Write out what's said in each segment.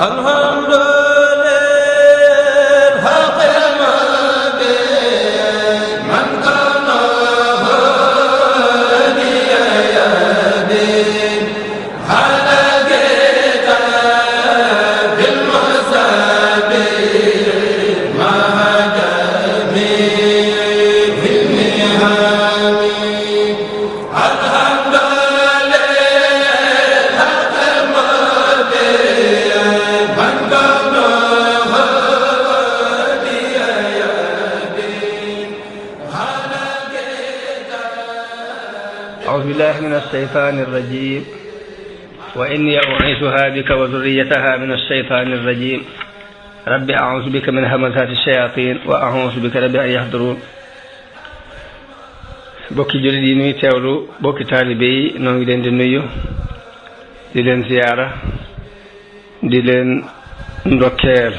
Alhamdulillah. الشيطان الرجيم وإني أعيثها بك وذريتها من الشيطان الرجيم ربي أعوذ بك من همزات الشياطين وأعوذ بك ربي أن يحضرون بوكي جلدي نوي تاولو بوكي تالبي نوي دين نيو دي زيارة دي لين ndokkeel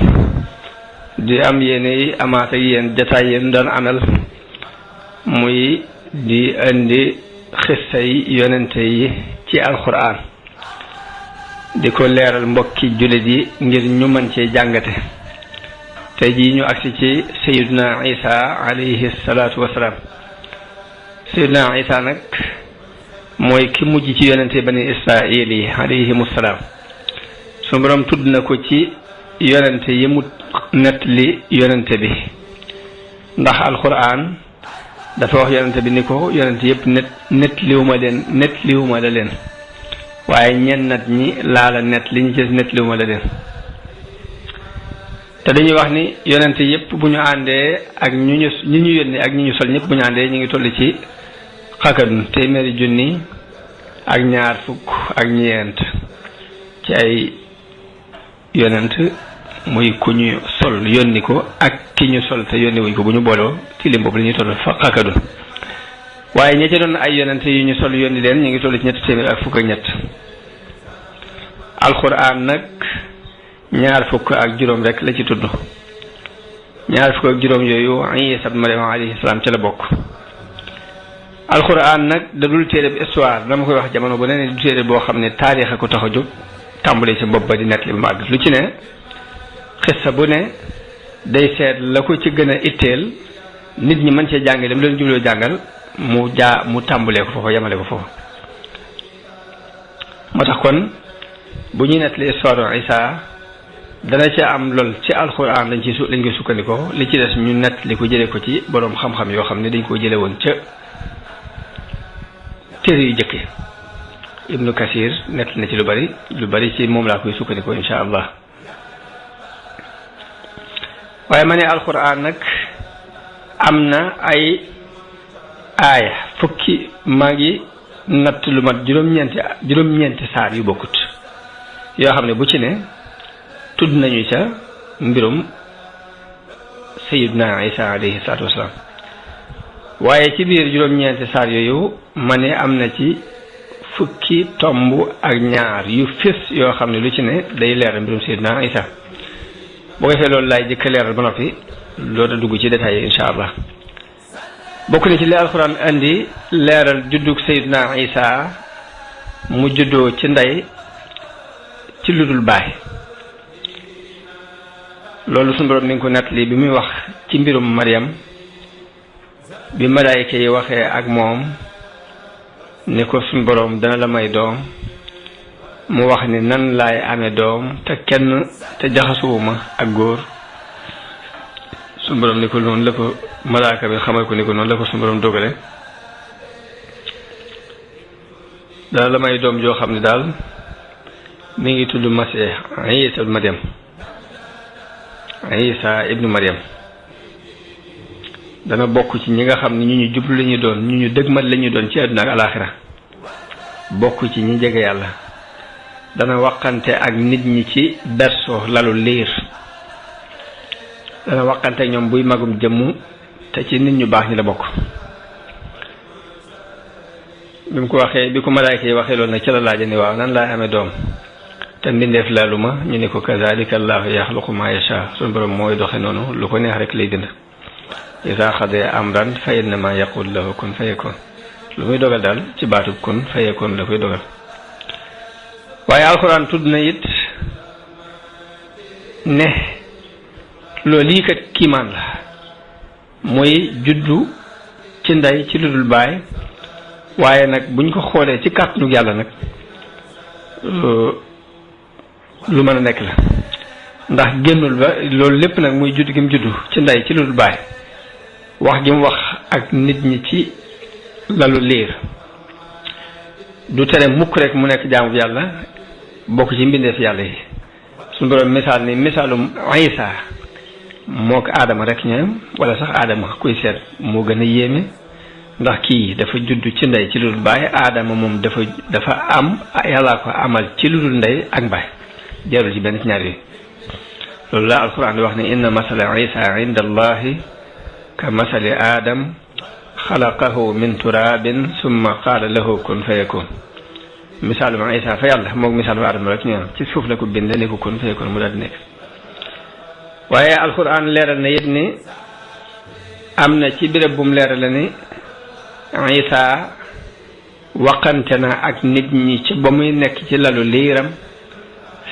di am yéen i amaat ak yéen jataay yéen doon amal xissa yi yonente yi ci alxuraan di ko leeral mbokki jullit yi ngir ñu mën cee jàngate te jii ñu agsi ci sayiduna isa alayhi salaatu wasalaam sayiduna isa nag mooy ki mujj ci yonente bani israil yi alayhimu salaam su borom tudd na ko ci yonente yi mu nett li yonente bi ndax alxuraan dafa wax yonente bi ni ko yonente yépp net net liwuma leen net liwuma la leen waaye ñen nag ñi laala net li ñu gis net liwuma la leen te dañuy wax ni yonente yépp bu ñu àndee ak ñu ñu ñi ñu yónni ak ñi ñu sol ñëpp bu ñu àndee ñu ngi toll ci xakadun téeméeri junni ak ñaar fukk ak ñeent ci ay yonent muy ku ñu sol yónni ko ak ki ñu sol te yónni wuñ ko bu ñu booloo ci lim boobu la ñuy toll fa xakadun waaye ñi ca doon ay yonente yu ñu sol yónni leen ñu ngi toll ci ñetti téeméer ak fukk ak ñett alxuraan nag ñaar fukk ak juróom rekk la ci tudd ñaar fukk ak juróom yooyu Isa ibn Maryam alayhi salaam ca la bokk alxuraan nag da dul téere bi histoire dama koy wax jamono bu ne ne du téere boo xam ne taarix a ko tax a jóg tàmbalee ci bopp ba di nett li ba mu lu ci ne xissa bu ne day seet la ko ci gën a itteel nit ñi mën cee jàngale mu leen jubloo jàngal mu jaa mu tàmbalee ko foofu yamale ko foofu moo tax kon bu ñuy nettali histoire Isa dana ci am lool ci alxuraan lañ ci su lañ koy sukkandikoo li ci des ñu nettali ko jëlee ko ci boroom xam-xam yoo xam ne dañ koo jële woon ca téere yu jëkke ibnu Kasir nett na ci lu bari lu bari ci moom laa koy sukkandikoo insha allah waaye ma ne alquran nag am na ay aaya fukki maa yi natt lu mat juróom-ñeenti juróom-ñeenti saar yu bokkut yoo xam ne bu ci ne tudd nañu ca mbirum sayidna isa alayhi salaatu wasalaam waaye ci biir juróom-ñeenti saar yooyu ma ne am na ci fukki tomb ak ñaar yu fés yoo xam ne lu ci ne day leer mbirum sayidna isa boo gisee loolu laay jëkk leeral ba noppi loolu dugg ci détails yi incha allah bokk na ci li alxuraan andi leeral juddug Seydina Isa mu juddoo ci ndey ci ludul baay loolu suñu borom mi ngi ko nettali bi muy wax ci mbirum Maryam bi malaayika yi waxee ak moom ne ko suñu borom dana la may doom mu wax ni nan laay amee doom te kenn te jaxasuwuma ak góor suñu borom ni ko noonu la ko malaaka bi xamal ko ni ko noonu la ko suñu borom dogale daal la may doom joo xam ne daal mi ngi tudd Masih Isa ibnu Maryam Isa ibnu Maryam dana bokk ci ñi nga xam ni ñu ñu jublu la doon ñu ñu dëgmat la ñu doon ci àdduna ak alaaxira bokk ci ñi jege yàlla dana waqante ak nit ñi ci berso lalu liir dana waqante ñoom buy magum jëmm te ci nit ñu baax ñi la bokk bi mu ko waxee bi ko malaayka yi waxee loolu nag ci la laaja ni waaw nan laay amee doom te mbindeef lalu ma ñu ne ko kazalika allahu yaxluqu ma yasha suñu borom mooy doxe noonu lu ko neex rek lay bind isa xadee amran fa innama yaqul lahu kun fayakun lu muy dogal daal ci baatub kun fayakun la koy dogal waaye alxuraan tudd na it ne loolu yi kat kiimaan la mooy juddu ci ndey ci ludul baay waaye nag buñ ko xoolee ci kàttanu yàlla nag euh, lu mën a nekk la ndax génnul ba loolu lépp nag muy judd gi mu juddu ci ndey ci ludul baay wax gi mu wax ak nit ñi ci lalu liir du tere mukk rek mu nekk jaamu yàlla bokk ci mbindeef yàlla yi suñu borom misaal ni misaalum Isa moo ko aadama rek ña wala sax aadama kuy seet moo gën a yéeme ndax kii dafa judd ci ndey ci lu dul baay aadama moom dafa dafa am yàlla ko amal ci lu dul ndey ak baay jarul ci benn ci ñaar yi loolu la alquran di wax ne inna masala isa inda allahi ka masali aadam xalaqahu min turabin summa qaala lahu kun fayakun misaalum Isa fa yàlla moog misaalum Adama rek ñoo ci suuf la ko binde ne ko kon fee kon mu daal nekk waaye alxuraan leeral na it ni am na ci béréb bu mu leeral la ni Isa waxante na ak nit ñi ci ba muy nekk ci lalu liiram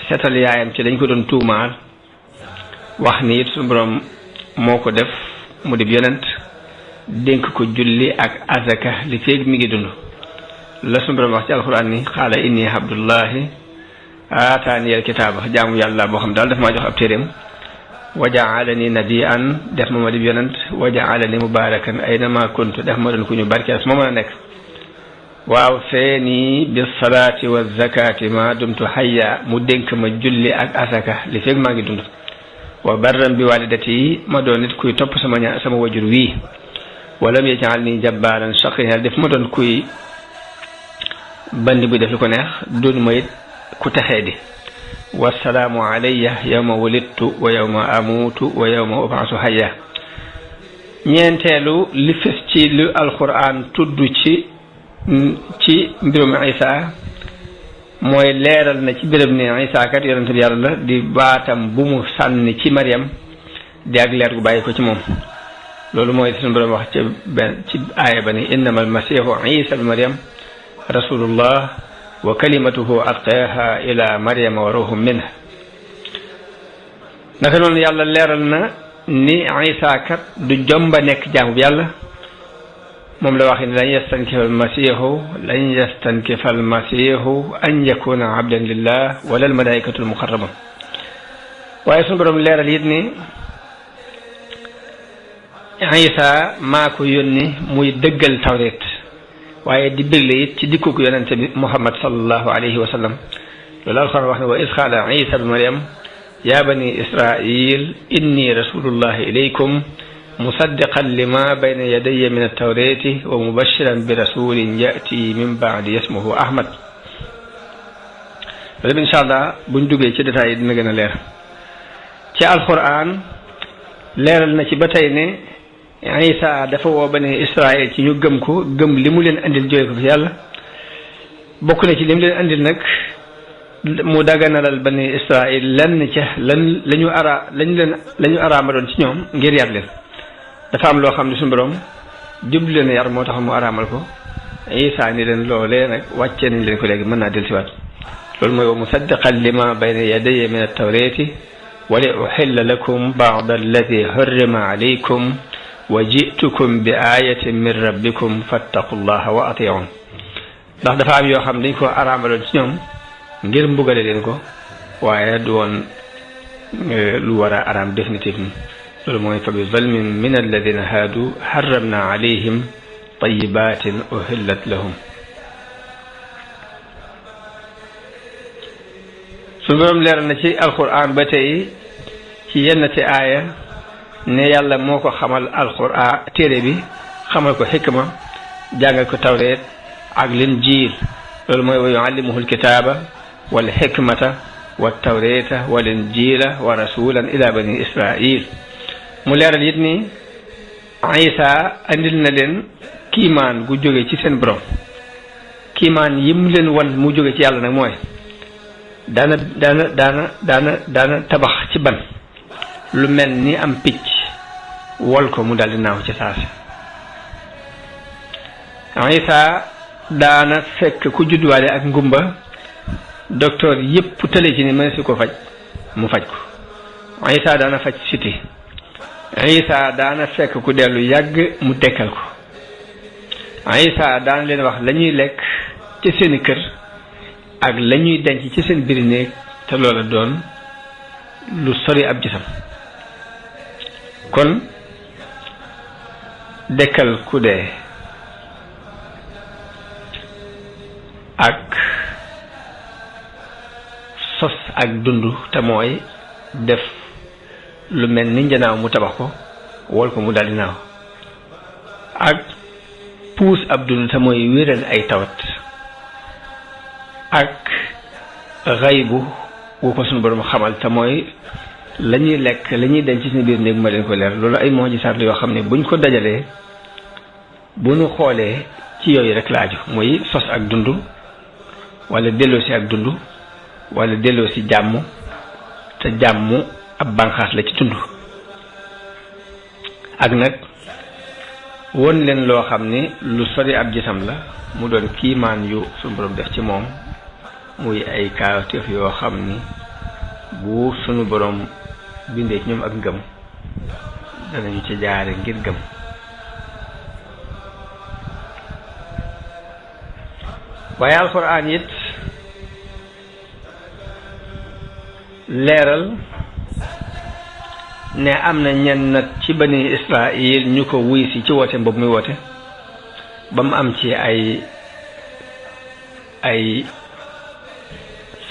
setal yaayam ci dañ ko doon tuumaal wax ni it suñu borom moo ko def mu di yonent dénk ko julli ak azaka li feeg mi ngi dund la sunu borom wax ci alxuraan ni xaala inni abdullahi aataaniyal kitaaba jaamu yàlla boo xam daal daf maa jox ab téeréem wa jaalani nabiyan def ma ma dib yonent wa jaalani mubarakan aynama kuntu def ma doon ku ñu barkeel su ma a nekk waaw feeni bi salaati wa dumtu hayya mu dénk ma julli ak asaka li feeg maa ngi dund wa barram bi walidati ma doon nit kuy topp sama ña wajur wii walam yaj'alni jabbaaran shaqiyya def ma doon kuy bandi bi def lu ko neex doon ma it ku texee di wasalaamu alayya yawma wulidtu wa yawma amuutu wa yawma ubaasu hayya ñeenteelu li ci lu alquran tudd ci ci mbirum isa mooy leeral na ci béréb ne isa kat yonente bi yàlla la di baatam bu mu sànni ci mariam di ak leer gu bàyyi ko ci moom loolu mooy suñu borom wax ci aaya ba ni innama almasihu isa bi mariam رسول الله وكلمته ألقاها إلى مريم وروح منها نخلون يالله ليرلنا ني عيسى كر دو جنب نك جنب يالله مم لواخين لن يستنكف المسيح لن يستنكف المسيح أن يكون عبدا لله ولا الملائكة المقربون ويسن برم لير اليدني عيسى ماكو يوني مو يدقل توريت waaye di dégle it ci dikkuk yonente bi muhammad salallahu alayhi wa sallam loolu alxuraan wax ne wa is qaala isa bi mariam ya bani israil inni rasulullahi ilaykum musaddiqan lima bayna yadaya min altawrati wa mubashiran bi rasulin yati min baadi yasmuhu ahmad loolu incha allah buñ duggee ci détails yi dina gën a leer ci alxuraan leeral na ci ba tey ne يعني عيسى دفع بني إسرائيل كي يقمكو قم لمولين عند الجويك في الله بكنا كي لمولين عند النك مدغنا للبني إسرائيل لن نكه لن لن يؤرى لن لن لن يؤرى مرون تنيوم غير يبلل دفع ملو خمد سنبروم جبلن يرموتهم مؤرى ملكو عيسى نلن لو لينك واتشن لنكو لك من عدل سواك لولمو مصدقا لما بين يدي من التوريتي ولأحل لكم بعض الذي حرم عليكم وجئتكم بآية من ربكم فاتقوا الله وأطيعون ndax dafa am yoo xam dañ ko araamaloon ci ñoom ngir mbugale leen ko waaye du woon lu war a araam définitivement loolu mooy fa bi zalmin min alladina haadu harramna alayhim tayibatin uhillat lahum suñu borom leeral na ci alquran ba tey ci yenn ti aaya ne yàlla moo ko xamal alquran téere bi xamal ko xikma jàngal ko tawreet ak linjiil loolu mooy wa yuallimuhu alkitaaba wal xikmata wa tawreeta wa linjiila wa rasulan ila bani israil mu leeral it ni isa andil na leen kiimaan gu jóge ci seen borom kiimaan yim leen wan mu jóge ci yàlla nag mooy dana dana dana dana daana tabax ci ban lu mel ni am picc wol ko mu daldi naaw ci saasi isa daana fekk ku judduwaale ak ngumba docteur yépp tële ci ni mën si ko faj mu faj ko isa daana faj siti isa daana fekk ku dellu yàgg mu dekkal ko isa daana leen wax lañuy lekk ci seeni kër ak lañuy denc ci seen biir néeg te loola doon lu sori ab gisam kon dekkal ku dee ak sos ak dund te mooy def lu mel ni njanaaw mu tabax ko wol ko mu daldi naaw ak puus ab dund te mooy wéral ay tawat ak xaybu wu ko sunu borom xamal te mooy la ñuy lekk la ñuy denc ci suñu biir néeg ma leen ko leer loolu ay mujjisaat la yoo xam ne buñ ko dajalee bu ñu xoolee ci yooyu rek laa aju mooy sos ak dund wala delloosi ak dund wala delloosi jàmm te jàmm ab bànqaas la ci dund ak nag won leen loo xam ni lu sori ab jisam la mu doon kiimaan yu suñu borom def ci moom muy ay kaateef yoo xam ni bu sunu borom bindee ñoom ak ngëm danañu ci jaare ngir gëm waaye alxuraan it leeral ne am na ñenn nag ci bani Israil ñu ko wuy si ci woote boobu muy wote ba mu am ci ay ay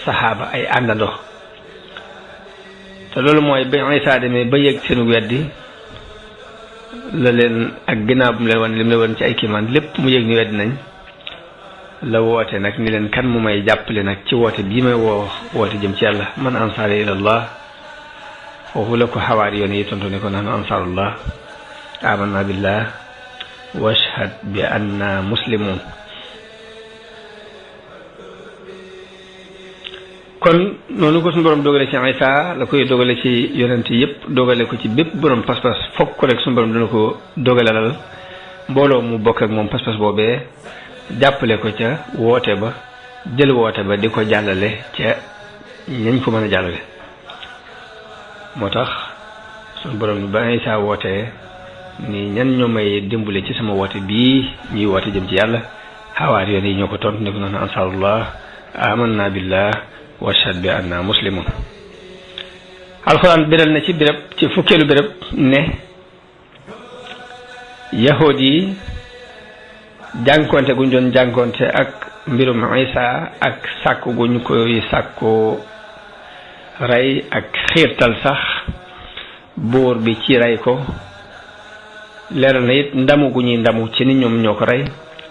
saxaaba ay àndandoo loolu mooy ba Isa demee ba yëg seenu weddi la leen ak ginnaaw bu mu leen wan li leen ci ay kiimaan lépp mu yëg ni weddi woote nag ni leen kan mu may jàppale nag ci woote bii may woo woote jëm ci yàlla man ansaari ilallah foofu la ko xawaari yoon yi tontu ne ko nahnu ansaarullah amanna billah washhad bi anna kon noonu ko suñu borom dogale ci Isa la koy dogale ci yonent yëpp dogale ko ci bépp borom pas-pas fokk rek suñu borom dina ko dogalalal mbooloo mu bokk ak moom pas-pas boobee jàppale ko ca woote ba jël woote ba di ko jàllale ca ñañ ko mën a jàllale moo tax suñu borom bi ba Isa wootee ni ñan ñoo may dimbale ci sama woote bii ñuy woote jëm ci yàlla xawaar yoon yi ñoo ko tontu ne ko noonu ansaarullah aman naa billah wa shad bi anna muslimun alquran biral na ci birab ci fukkelu birab ne yahud yi jànkonte guñ doon jànkonte ak mbirum isa ak sàkku guñ koy sàkku rey ak xiirtal sax bor bi ci ko leeral na ndamu gu ndamu ci ni ñoom ñoo ko rey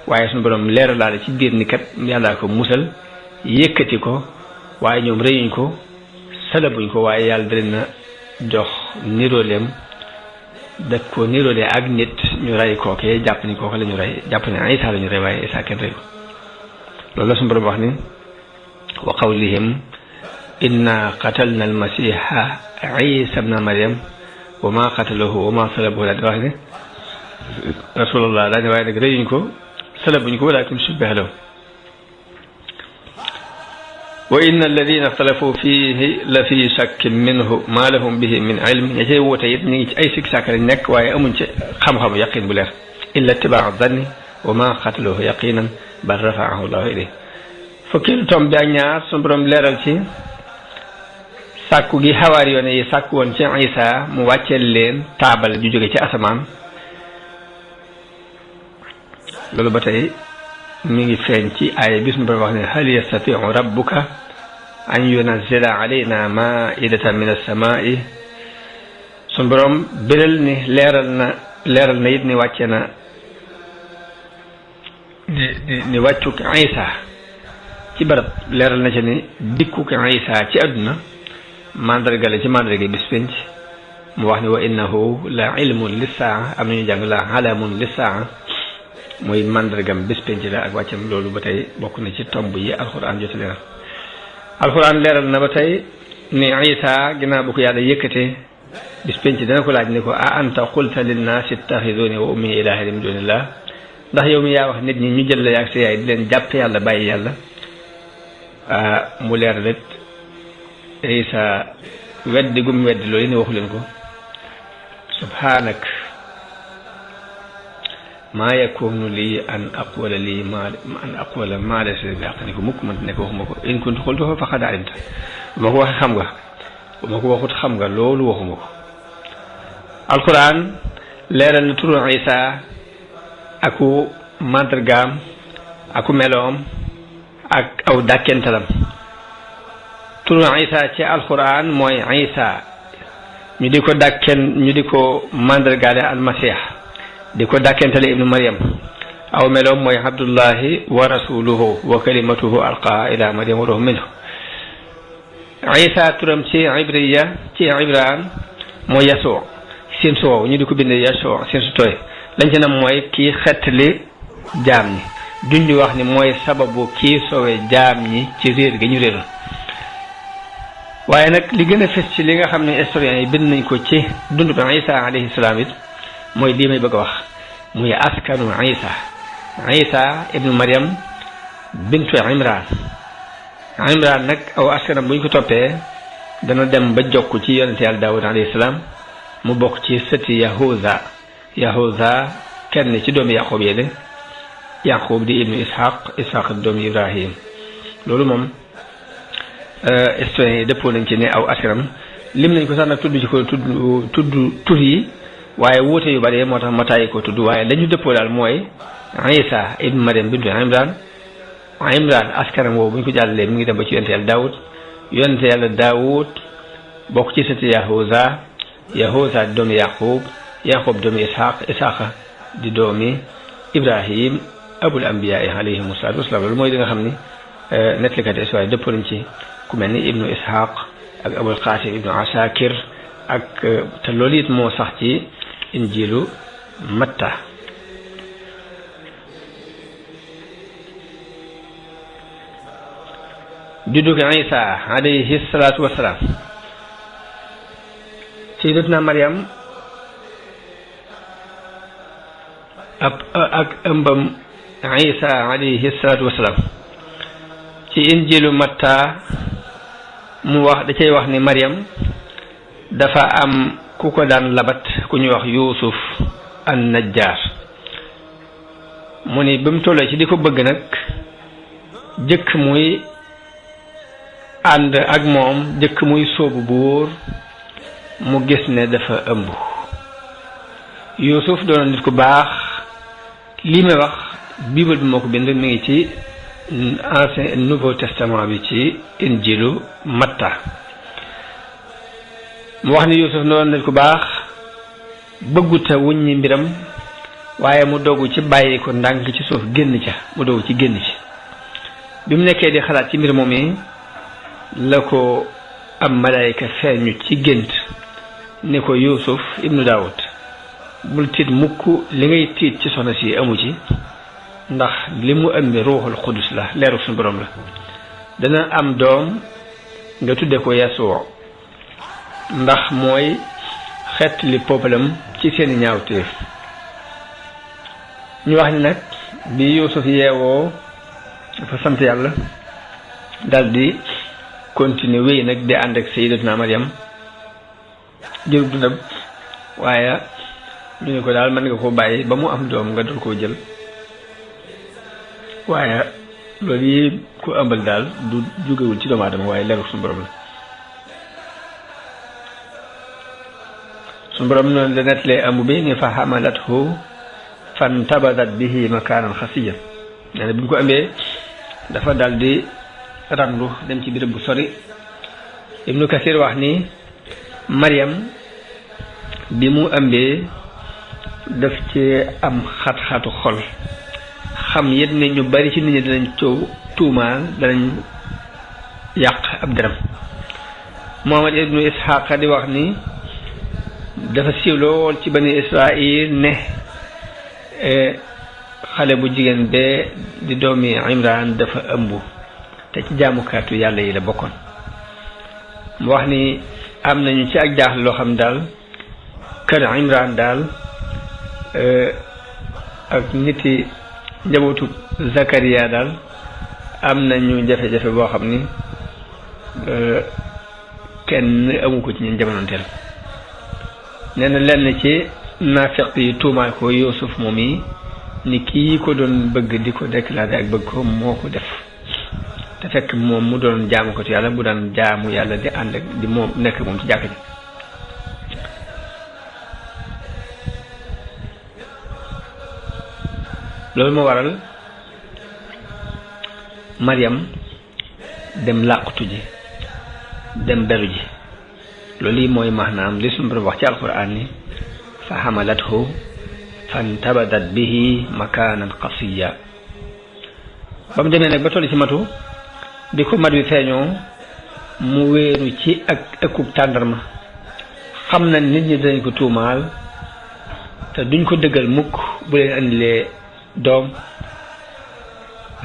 waaye suñu borom leeralaale ci biir ni kat ko musal yëkkati ko waaye ñoom rëyuñ ko salabuñ ko waaye yàlla da na jox niroolem da ko niroole ak nit ñu rey kookee jàpp ni kooke la ñu rey jàpp ne ay la ñu rey waaye Isa kenn rey loolu la suñu borom wax ni wa qawlihim inna qatalna almasiha isa bna maryam wa ma qataluhu wa ma salabuhu daa di wax ne rasulullah daa ne waaye nag rëyuñ ko salabuñ ko walakin subbiha lahu wa inna alladina ixtalafu fihi la fi shakkin minhu ma lahum bihi min ilm ña cay wuute it ñu ngi ci ay sikk sàkk lañ nekk waaye amuñ ci xam-xamu yaqin bu leer illa itibaa danni wa ma xataluhu yaqinan bal rafaahu llahu ilayh fukkilu tom bi ak ñaar suñu borom leeral ci sàkku gi xawaar yoone yi sàkku woon ci isa mu wàcceel leen taabal ju jóge ci asamaan loolu ba tey mi ngi feeñ ci aaya bi suñu borom wax ne hal yastatiu rabbuka an yunazila alayna maidatan min alsamai suñu borom biral ni leeral na leeral na it ni wàcce na ni ni wàccuk isa ci barab leeral na ci ni dikkuk isa ci àdduna mandarga la ci mandarga bis penc mu wax ni wa innahu la ilmun lissaa am nañu jàng la alamun lissaa moy mandragam bés penc la ak wàccam lolou batay bokku na ci tomb yi alquran jot leeral alquran leral na batay ni isa gina bu ko yàlla yekete bis penc dana ko laaj ne ko a anta qulta lin nas ittaxiduuni wa ummi ilaha min dunillah ndax yow mi ya wax nit ñi ñu jël la yak sa yaay di len jàpp yàlla baye yàlla mu leral lépp isa weddi gum weddi loolu ni waxu leen ko subhanak maa yakunu lii an aqula lii maa an aqula maa laysa bi haqq ne ko mukk man ne ko waxuma ko in kuntu qultuhu faqad alimta bu ma ko waxee xam nga bu ma ko waxut xam nga loolu waxuma ko alquran leeral na turu isa aku mandargaam aku meloom ak aw dàkkentelam turu isa ci alquran mooy isa ñu di ko dàkken ñu di ko mandargaale almasiix di ko dàkkentale ibnu mariam aw meloom mooy abdullahi wa rasuluhu wa kalimatuhu alqaa ila mariam wa minhu isa turam ci ibriya ci ibraan mooy yasoo sin su wow ñu di ko bind yasoo sin su tooy lañ ci nam mooy kii xettali jaam ñi duñ di wax ni mooy sababu kii sowe jaam ñi ci réer gi ñu réeroon waaye nag li gën a ci li nga xam ne historiens yi bind nañ ko ci dund bi isa alayhi moy li may bëgg wax muy askanu isa isa ibnu maryam bintu imran imran nak aw askana buñ ko topé dana dem ba jokk ci yonente yàlla daawud alayhi salam mu bok ci sati yahuda yahuda kenn ci doomi yaqub yi de yaqub di ibnu ishaq ishaq di doomi ibrahim lolu mom euh estoy dëppoo nañ ci ne aw askanam lim nañ ko sax nag tudd ci ko tuddu tuddu tur yi waaye wuute yu bare moo tax ma ko tudd waaye lañu dëppoo daal mooy Isa ibn Mariam bintu Imran Imran askanam woowu bu ñu ko jàllalee mi ngi dem ba ci yonte yàlla Daawud yonte yàlla Daawud bokk ci sëti Yahuza Yahuza di doomi Yaqub Yaqub doomi Ishaq Ishaqa di doomi Ibrahim abul anbiyaai alayhim salaatu wasalaam loolu mooy li nga xam ni nettalikat histoire dëppoo nañ ci ku mel ni ibnu Ishaq ak abul Qasim Ibn Asakir ak te loolu it moo sax ci injilu matta juddug isa alayhi salatu wassalam sayyidatna maryam ab eh, ak ambam isa alayhi salatu wassalam ci injilu matta mu wax da cey wax ni maryam dafa am ku ko daan labat ku ñuy wax yuusuf an najjaar mu ni ba mu ci di ko bëgg nag jëkk muy ànd ak moom jëkk muy sóobu bu wóor mu gis ne dafa ëmb yuusuf doon nit ku baax lii may wax bible bi moo ko bind mi ngi ci ancien nouveau testament bi ci injilu matta mu wax ni Yuusuf noonu nit ku baax bëgguta wuññi mbiram waaye mu dogu ci bàyyi ko ndànk ci suuf génn ca mu dogu ci génn ci bi mu nekkee di xalaat ci mbir moom yi la ko am malaayka feeñu ci gént ni ko yusuf ibnu Daawud bul tiit mukk li ngay tiit ci soxna si amu ci ndax li mu ëmbi ruuxul xudus la leeru suñu borom la dana am doom nga tudde ko Yasuwa ndax mooy xet li ci seeni ñaawteef ñu wax ni nag bi Yuusuf yeewoo dafa sant yàlla dal di continuer wéy nag di ànd ak Sayyidatuna Maryam jël dundam waaye ñu ne ko daal mën nga ko bàyyi ba mu am doom nga dul koo jël waaye loolu yi ko ëmbal daal du jógewul ci doomu aadama waaye leeru suñu la suñu borom noonu la nettalee amu bi ne fa xamalathu fan tabadat bihi makaanan xasiya nee na bi mu ko amee dafa dal di randu dem ci béréb bu sori ibnu kasir wax ni mariam bi mu ëmbee daf ci am xat-xatu xol xam yét ni ñu bari ci nit ñi danañ coow tuumaal danañ yàq ab deram muhammad ibnu isxaqa di wax ni dafa siiw lool ci bani israil ne e, xale bu jigéen bee di doomi imran dafa ëmb te ci jaamukaatu yàlla yi la bokkoon mu wax ni am nañu ci ak jaax loo xam daal kër imran daal e, ak nit niti njabootu Zakaria daal am nañu jafe-jafe boo xam ni e, kenn amu ko ci ñun jamonoonteel nee na lenn ci naafiq yi tuumaal ko Youssouf moom yi ni kii ko doon bëgg di ko déclaré ak bëgg ko moo ko def te fekk moom mu doon jaamu ko ci yàlla bu daan jaamu yàlla di ànd ak di moom nekk moom ci jàkk ji loolu moo waral Mariam dem làqutu ji dem beru ji loolu yi mooy maanaam li suñu borom wax ci alquran ni fa xamalathu fantabadat bihi makaanan qasiya ba mu demee nag ba toll ci matu bi ko mat wi feeñoo mu wéeru ci ak ëkkub tàndarma xam na nit ñi dañ ko tuumaal te duñ ko dëggal mukk bu leen andilee doom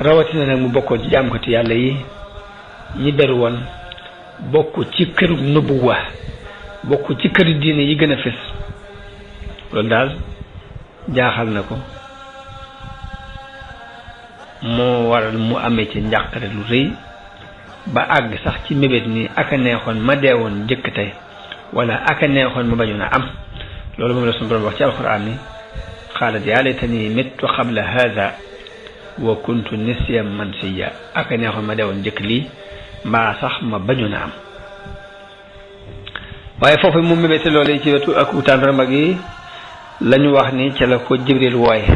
rawatina nag mu bokkoon ci jaamkati yàlla yi ñi beru woon bokku ci kër nubuwa bokku ci kër diine yi gën a fës loolu daal jaaxal na ko moo waral mu amee ci njàqare lu rëy ba àgg sax ci mébét ni aka neexoon ma dee woon jëkk tey wala aka neexoon ma bañoon a am loolu moom la suñu borom wax ci alquran ni xaalat yaa mit wa qabla haada wa kuntu nisyan mansiya aka neexoon ma dee woon jëkk lii mbaa sax ma bañu na am waaye foofu mu mébéte loolu yi ci wetu ak utàndarma gi lañu wax ni ci la ko jibril wooye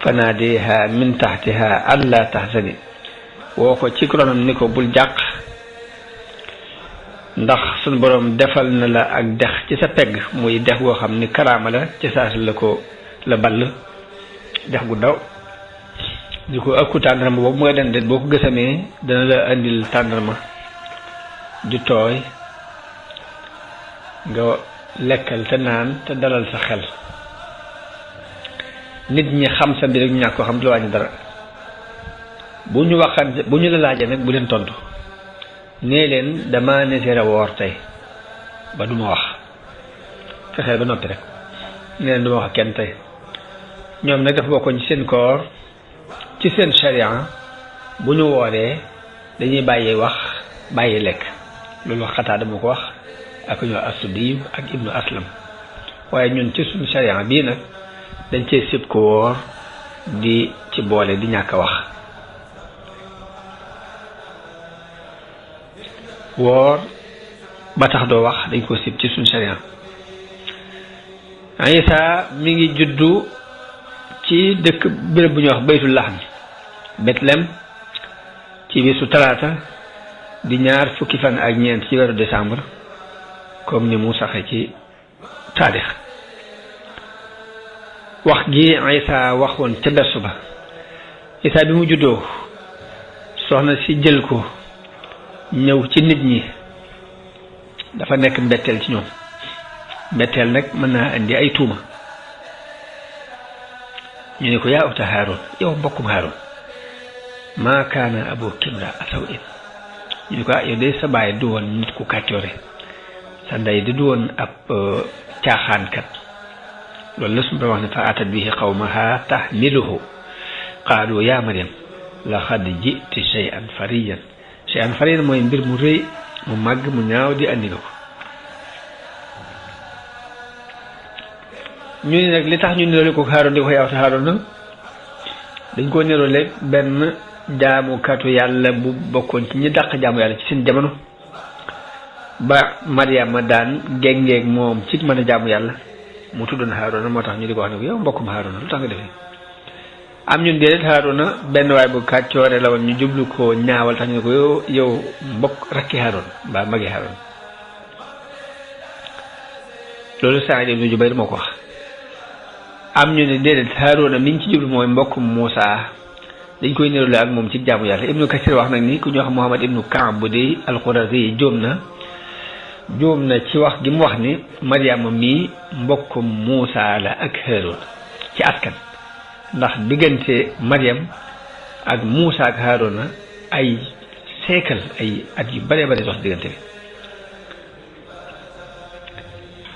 fanaadiha min taxtiha alla taxsani woo ko ci koronam ni ko bul jàq ndax suñ boroom defal na la ak dex ci sa pegg muy dex goo xam ni karaama la ci saas la ko la ball dex gu daw di ko ëkku tàndarma boobu mooy den den boo ko gësamee dana la andil tàndarma ju tooy nga lekkal te naan te dalal sa xel nit ñi xam sa mbir ak ñàkk ko xam du la wàññi dara bu ñu waxan bu ñu la laajee nag bu leen tontu nee leen dama ne seere woor tey ba du ma wax fexeel ba noppi rek nee leen du wax kenn tey ñoom nag dafa bokkoon ci seen koor ci seen charian bu ñu wooree dañuy bàyyi wax bàyyi lekk loolu xataa dama ko wax ak ñoo assudiyu ak ibnu aslam waaye ñun ci suñu charian bii nag dañ cee sib ko woor di ci boole di ñàkk wax woor ba tax doo wax dañ ko sib ci suñu charian Isa mi ngi juddu ci dëkk bërëb bu ñuy wax baytul laxam Bethléem ci bisu talaata di ñaar fukki fan ak ñeent ci weeru décembre comme ni mu saxee ci taarix wax gi Isa waxoon ca bersu ba Isa bi mu juddoo soxna si jël ko ñëw ci nit ñi dafa nekk mbetteel ci ñoom mbetteel nag mën naa indi ay tuuma ñu ne ko yaa uta Haaroon yow mbokkum Haaroon ma kana Abu kibra asawɗen yiɗi ko yo de won nit ku mit sa nday di du won ap tiaxan kat lolla wax ni fa atat bihi qawmaha tahmiluhu qalu ya la khad jiti shay'an fariyan shay'an fariyan moy mbir mu rey mu mag mu di andi ko ñu ni nag li tax ñu nirole ko xaru di ko yawta xaru na dañ ko ben jaamukatu yàlla bu bokkoon ci ñi daq jaamu yàlla ci seen jamono ba Mariama daan géngeeg moom ci man a jaamu yàlla mu tuddoon Haaruna moo tax ñu di ko wax ne ko yow lu tax nga defee benn waay bu kàccoore la ñu jublu ko ñaawal tax ñu ne ko yow yow mbokk rakki Haaruna mbaa magi Haaruna loolu Saïd ibnu Jubayr moo ko wax am ñu ne déedéet Haaruna mi ci jublu mooy mbokkum Muusaa dañ koy nirale ak moom ci jaamu yàlla ibnu kasir wax nag ni ku ñu wax muhammad ibnu kaab bu dey alxurazi jóom na jóom na ci wax gi mu wax ni mariama mii mbokkum muusa la ak haaroon ci askan ndax diggante mariam ak muusa ak na ay seekal ay at yu bare bare dox diggante bi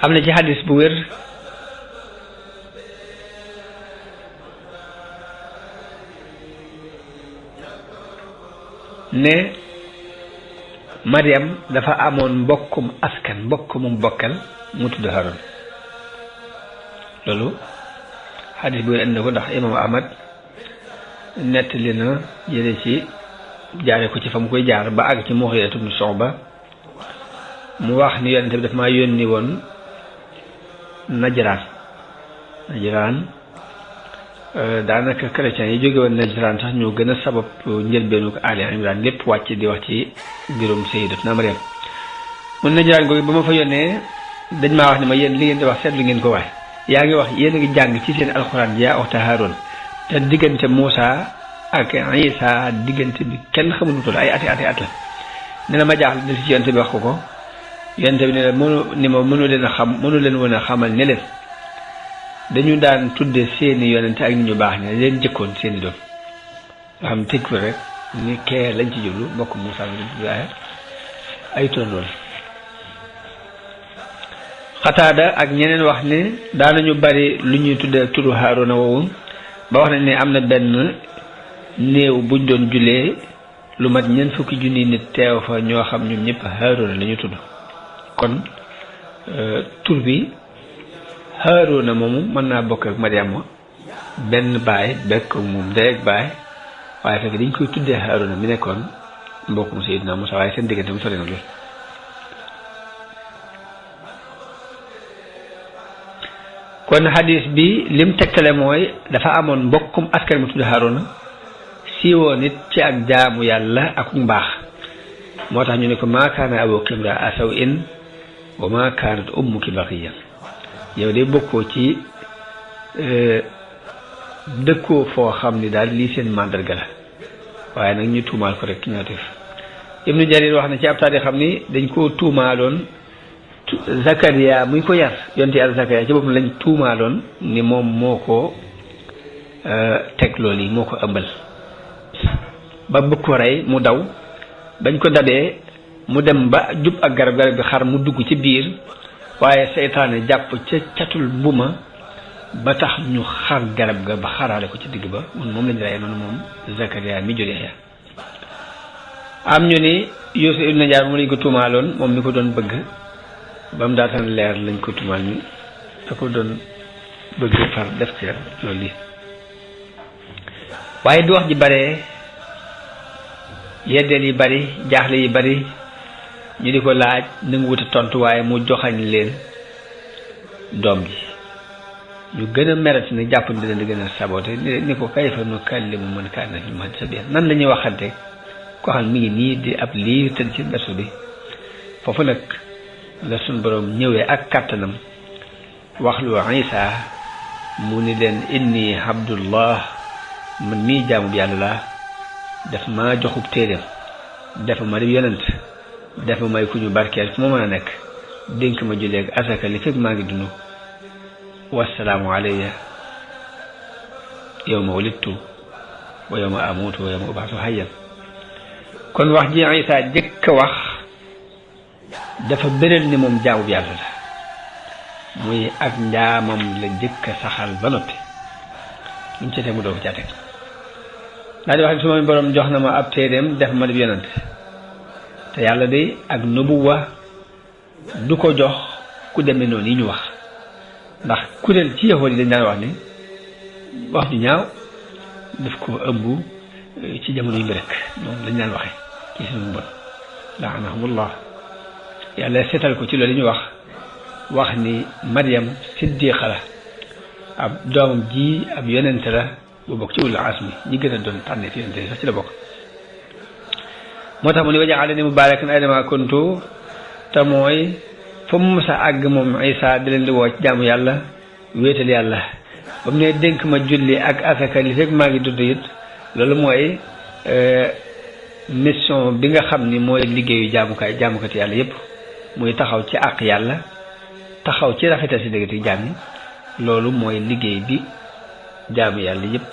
am na ci xadis bu wér ne Mariam dafa amoon mbokkum askan mbokk mu bokkal mu tudd Haroun loolu xadis bi indi ko ndax imam Ahmad nettali na jële ci jaare ko ci fa mu koy jaar ba àgg ci Mughira mu wax ni yonente bi daf maa yónni woon Najraan Najraan daanaka chrétiens yi jóge woon Najraan sax ñoo gën a sabab njëlbeenu Ali Imran lépp wàcc di wax ci mbirum Sayyidatuna Maryam mun Najraan googu ba ma fa yónnee dañ maa wax ne ma yéen li ngeen di wax seetlu ngeen ko waaye yaa ngi wax yéen a ngi jàng ci seen alxuraan yaa waxta Haaroon te diggante Moussa ak Isa diggante bi kenn xamul toll ay ati ati at la ne na ma jaaxle dal si yonte bi wax ko ko yonte bi ne la mënu ni ma mënu leen a xam mënu leen woon a xamal ne leen dañu daan tudde seeni yonent ak ñu baax ña leen jëkkoon seeni doom nga xam tëj ko rek ni kee lañ ci jublu mbokk Moussa ay turandoo la xataada ak ñeneen wax ne daanañu bari lu ñuy tudde turu Haaruna woowu ba wax nañ ne am na benn néew buñ doon julee lu mat ñeent fukki junni nit teew fa ñoo xam ñoom ñëpp Haaruna la tudd kon euh, tur bi Haaruna moom mën naa bokk ak Mariama benn baay bekk ak moom ndey ak baay waaye fekk dañ koy tuddee a mi nekkoon mbokkum Seydina Musaa waaye seen diggante mu sori na lool kon xadis bi lim tegtale mooy dafa amoon mbokkum askan mu tudd Haaruna siiwoon it ci ak jaamu yàlla ak mbaax moo tax ñu ne ko maa kaana abuki imraa saw in wa maa kaanat ummuki baqiya yow de bokkoo ci euh, dëkkoo foo xam ni daal lii seen màndarga la waaye nag ñu tuumaal ko rek ñootif ibnu jarir wax na ci ab taarix xam ni dañ koo tuumaaloon Zakaria muy ko yar yonte yàlla Zakaria ci boppam lañ tuumaaloon ni moom moo ko euh, teg loolu yi moo ko ëmbal ba bëgg ko rey mu daw bañ ko dabee mu dem ba jub ak garab garab bi xar mu dugg ci biir waaye seytaane jàpp ca catul buma ba tax ñu xar garab ga ba xarale ko ci digg ba mun moom lañu rey noonu moom Zakaria mi jóge xeex am ñu ni Yuusuf ibn Najaar moom lañ ko tuumaaloon moom mi ko doon bëgg ba mu daatan leer lañ ko tuumaal ñu da ko doon bëgg far def ci loolu lii waaye du wax ji bare yeddeel yi bari jaaxle yi bari ñu di ko laaj nanguwut a tontu waaye mu joxañ leen doom ji ñu gën a merati ne jàpp ni leen di gën a sabote ni ko kayfa nu kallimu man kaana fil mahdi sabiyya nan la ñuy waxante mi ngi nii di ab liir tëdd ci bi foofu nag la suñ borom ñëwee ak kàttanam wax lu Isa mu ni leen inni abdullah mën mii jaamub yàlla laa daf maa joxub téeréem dafa ma di yonent dafa may kuñu ñu barkeel fu ma mën a nekk dénk ma julleeg asaka li fekk maa ngi dund wasalaamu alayya yow ma wulittu wa yow ma amuutu wa yow ma ubaatu hayyan kon wax ji Isa jëkk wax dafa bëral ni moom jaawu yàlla la muy ak njaamam la jëkk saxal ba noppi luñ ci te mu doo ko caa teg daa di wax ne suma borom jox na ma ab téeréem def ma di yonante te yàlla de ak nubuwa du ko jox ku demee noonu yi ñu wax ndax kuréel ci yahood yi dañ daan wax ni wax ju ñaaw daf ko ëmb ci jamono yi bi rek noonu lañ daan waxee ci sunu mbon laanahumullah yàlla seetal ko ci loolu ñu wax wax ni Maryam siddiqa la ab doom ji ab yonente la bu bokk ci ulul asmi ñi gën a doon fi yonente sax ci la bokk moo tax mu ni wajaalani mubarakan aydama kuntu te mooy fa mu mës àgg moom ay saa di leen di woo ci jaamu yàlla wéetal yàlla ba mu ne dénk ma julli ak asaka li fekk maa ngi dudd it loolu mooy e, mission bi nga xam ni mooy liggéeyu jaamukaay jaamukati yàlla yépp muy taxaw ci àq yàlla taxaw ci rafetal si dëggati jaam yi loolu mooy liggéey bi jaamu yàlla yépp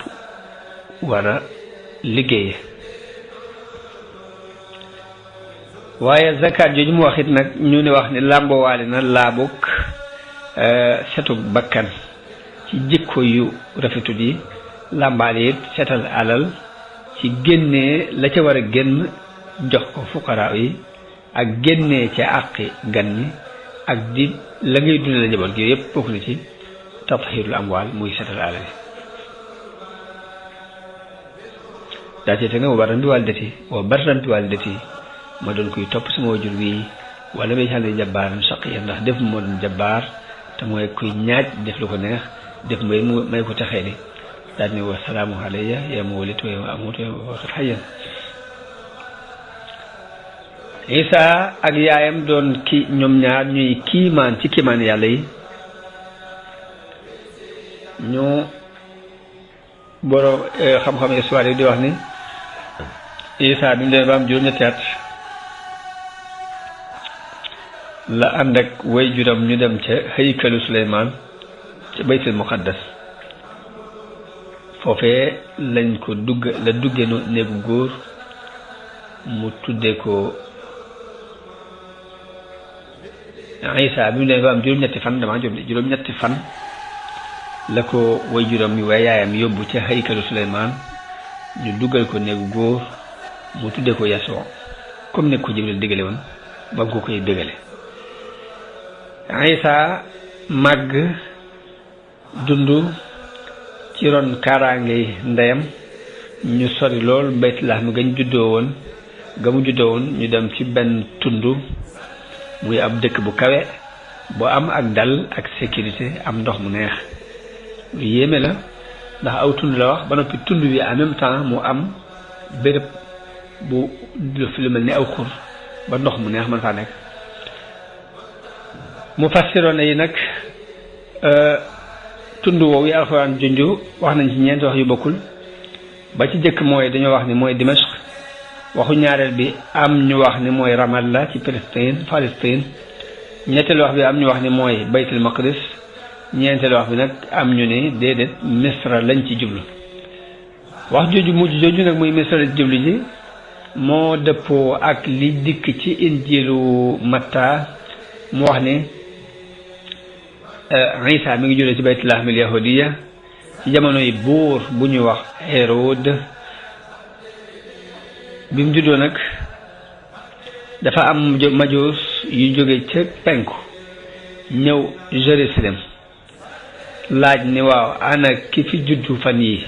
war a liggéeye waaye zakat jooju mu waxit nag ñu ne wax ne làmbowaale na laabuk euh, setu bakkan ci jikko yu rafetut yi làmbaale it setal alal ci génnee la ca war a génn jox ko fuqaraaw yi ak génnee ca àqi gan ñi ak di la ngay dundee la njaboot gi yépp bokk na ci tatahirul amwaal muy setal alal yi daa te nga wa barran bi waalidati wa barran bi waalidati ma doon kuy topp sama wajur wi wala may jàll jabbaaran shaqiya ndax def moo doon jabbaar te mooy kuy ñaaj def lu ko neex def may may ko taxee ni daal ni wa salaamu alayya yaa ma walit wa yaa ma amut ak yaayam doon ki ñoom ñaar yàlla yi ñu borom eh, xam-xam histoire yi di wax ni Isa bi mu ba am juróom-ñetti at la ànd ak way juram ñu dem ca haykalu suleymaan ca baytul muqaddas foofee lañ ko dugg la dugge nu néegu góor mu tudde ko Isa bi ba fan damaa ko way juram yu yaayam yóbbu ca haykalu suleymaan ñu duggal ko néegu mu tudde ko yasoo comme nekk ko jibril digale woon ba nga ko koy digale Isa màgg dund ci ron kaaraange ndeyam ñu sori lool baytu laxam gañ juddoo woon ga mu juddoo woon ñu dem ci benn tund muy ab dëkk bu kawe bu am ak dal ak sécurité am ndox mu neex lu yéeme la ndax aw tund la wax ba noppi tund bi en même temps mu am bërëb bu lu mel ni aw xur ba ndox mu neex mën faa nekk mu mufassiroon yi nag euh, tund woowu yi alxuraan junj wax nañ ci ñeenti wax yu bokkul ba ci jëkk mooy dañoo wax ni mooy Dimashq waxu ñaareel bi am ñu wax ni mooy Ramallah ci Palestine Palestine ñetteelu wax bi am ñu wax ni mooy baytul maqdis ñeenteelu wax bi nag am ñu ni déedéet misra lañ ci jublu wax jooju mujj jooju nag muy misra lañ ci jublu ji moo dëppoo ak li dikk ci injilu matta mu wax ni Eh, Isa mi ngi juddoo ci baytul lahmi al yahudiya ci jamono yi buur bu ñuy wax Hérode bi mu juddoo nag dafa am majuus yu jóge ca penku ñëw Jérusalem laaj ni waaw ana ki fi juddu fan yi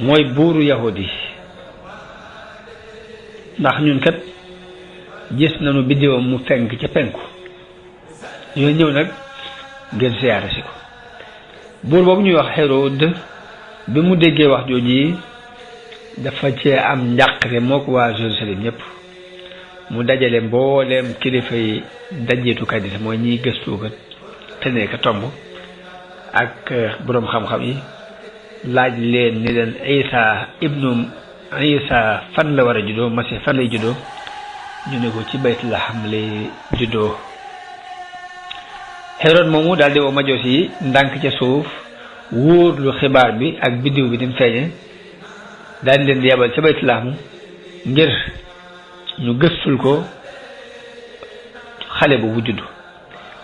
mooy buuru yahud yi ndax ñun kat gis nañu biddiwam mu fenk ca penku yooyu ñëw nag ngir siyaare si ko buur boobu ñuy wax Hérode bi mu déggee wax yi dafa cee am njàqare moo ko waa Jérusalem yépp mu dajale mbooleem kilifa yi dajeetukat yi mooy ñiy gëstuukat te nekk tomb ak eh, boroom xam-xam yi laaj leen ni leen isa ibnu isa fan la war a juddoo masi fan lay juddoo ñu ne ko ci bayt la xam lay juddoo Hérode moomu daldi di woo majoos yi ndànk ca suuf wóorlu xibaar bi ak biddiw bi ni mu feeñe daal leen di yebal ca baytulaamu ngir ñu gëstul ko xale boobu judd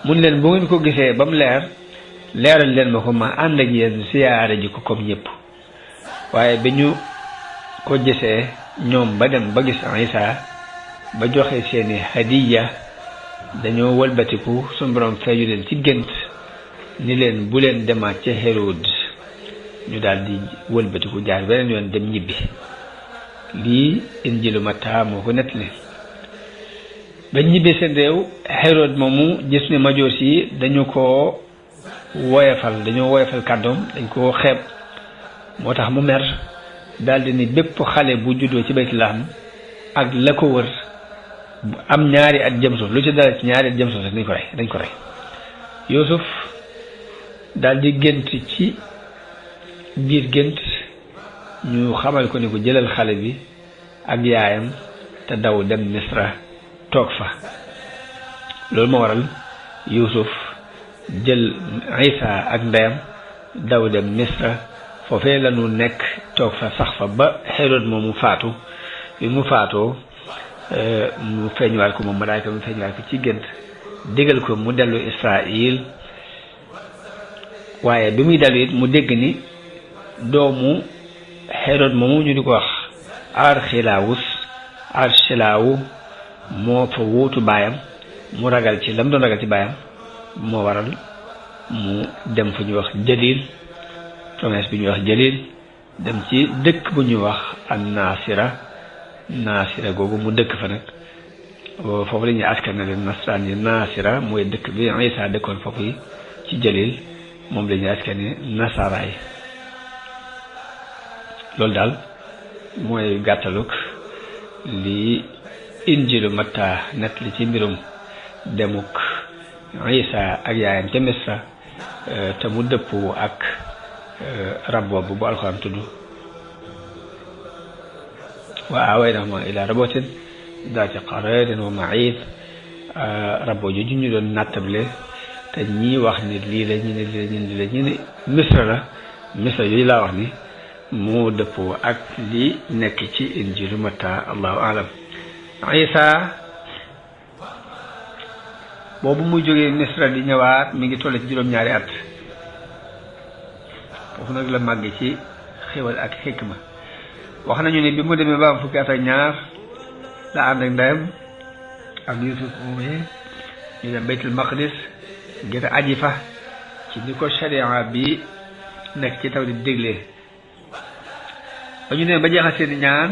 mun leen bu ngeen ko gisee ba mu leer leeral leen ma ko ma ànd ak yéen siyaare ji ko comme ñëpp waaye bi ñu ko gisee ñoom ba dem ba gis Isa ba joxe seeni hadiya dañoo walbatiku suñu borom feeyu leen ci gént ni leen bu leen demaat ca Hérode ñu daldi di wëlbatiku jaar yoon dem ñibbi lii injilu Matta moo ko nettali ba ñibbi seen réew Hérode moomu gis ne majoos yi dañu ko woyafal dañoo woyafal kàddoom dañ koo xeeb moo tax mu mer daldi di ni bépp xale bu juddoo ci baytulaam ak la ko wër am ñaari at jëm suuf lu ci dara ci ñaari at jëm suuf rek ko rey dañ ko rey Yuusuf daal di gént ci ngir gént ñu xamal ko ni ko jëlal xale bi ak yaayam te daw dem Misra toog fa loolu moo waral Yuusuf jël Isa ak ndeyam daw dem Misra foofee la ñu nekk toog fa sax fa ba Hérode moomu faatu bi mu faatoo Euh, mu feeñuwaat ko moom malaayka mu feeñuwaat ko ci gént digal ko mu dellu Israil waaye bi muy dellu it mu dégg ni doomu Hérode moomu ñu di ko wax Arxilawus Arxilawu moo fa wuutu baayam mu ragal ci lam doon ragal ci baayam moo waral mu dem fu ñuy wax Jalil promesse bu ñuy wax Jalil dem ci dëkk bu ñuy wax an Nasira naasira googu mu dëkk fa nag foofu la ñuy askanale nasraan yi mooy dëkk bi Isa dëkkoon foofu yi ci Jalil moom la ñuy askane nasaraay loolu daal mooy gàttaluk li injilu Matta nett li ci mbirum demuk Isa ak yaayam ca Misra eh, te mu dëpp ak eh, rab boobu bu alxuraan tudd وأعوينهما إلى ربوت ذات قرار ومعيد آه، ربو جوجين يدون نتبلي تجني وخن اللي لجين اللي لجين اللي لجين مصر لا مصر يجي لا وخني مو دفو أك لي نكيشي إنجيل متى الله أعلم عيسى بابو موجوغي مصر دي نوات ميجي تولي تجيروم ناري أت بابو نغلا ماجيشي خيوال أك حكمة wax nañu ne bi mu demee ba am fukki at ak ñaar la ànd ak ndeyam ak yusuf moomu ñu dem baytul maqdis ngir aji fa ci ni ko sharia bi nekk ci taw di déglee ba ñu demee ba jeexal seen ñaan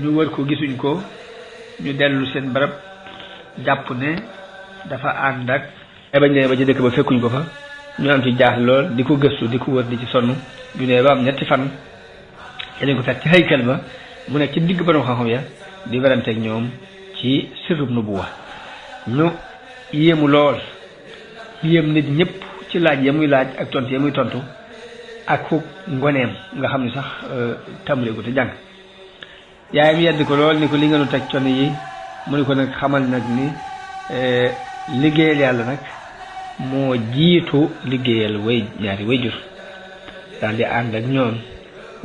ñu wër ko gisuñ ko ñu dellu seen barab jàpp ne dafa ànd ak ay bañ demee ba ci dëkk ba fekkuñ ko fa ñu am ci jaaxle lool di ko gëstu di ko wër di ci sonn ñu ba am ñetti fan dañ ko fekk ci haykal ba mu nekk ci digg borom xam-xam ya di weranteeg ñoom ci sirrub nubuwa ñu yéemu lool yéem nit ñëpp ci laaj ya muy laaj ak tontu ya tontu ak ku ngoneem nga xam ni sax euh, tàmbalee gu te jàng yaayam yedd ko lool ni ko li nga teg con yi mu ne ko nag xamal nag ni euh, liggéeyal yàlla nag moo jiitu liggéeyal way ñaari wayjur daal di ànd ak ñoom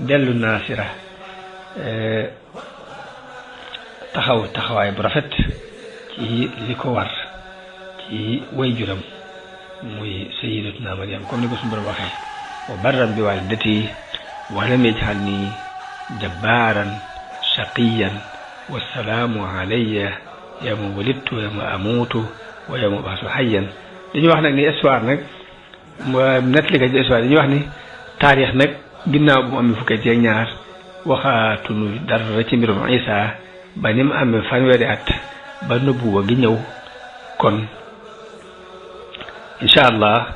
dellu naasira eh, taxaw taxawaay bu rafet ci li ko war ci wayjuram muy sayyidatuna Maryam comme ni ko suñu borom waxee wa barran bi waalidati wa lam yaj'alni jabbaaran shaqiyan wa salaamu alayya yawma wulidtu wa yawma amuutu wa yawma ub'asu hayyan dañuy wax nag ni histoire nag nettalikat ci histoire dañuy wax ni taarix nag ginnaaw bu mu amee ci ñaar waxaatunu ba ni mu amee fanweeri at ba nubuwa gi ñëw kon incha allah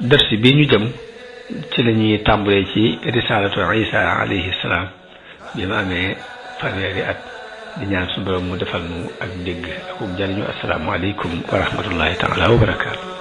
dërsi bi ñu jëm ci la ñuy ci risalatu Isaa alayhi bi mu amee fanweeri at di ñaan suñu mu defal nu ak dégg ak jariñu asalaamaaleykum wa rahmatullahi taala wa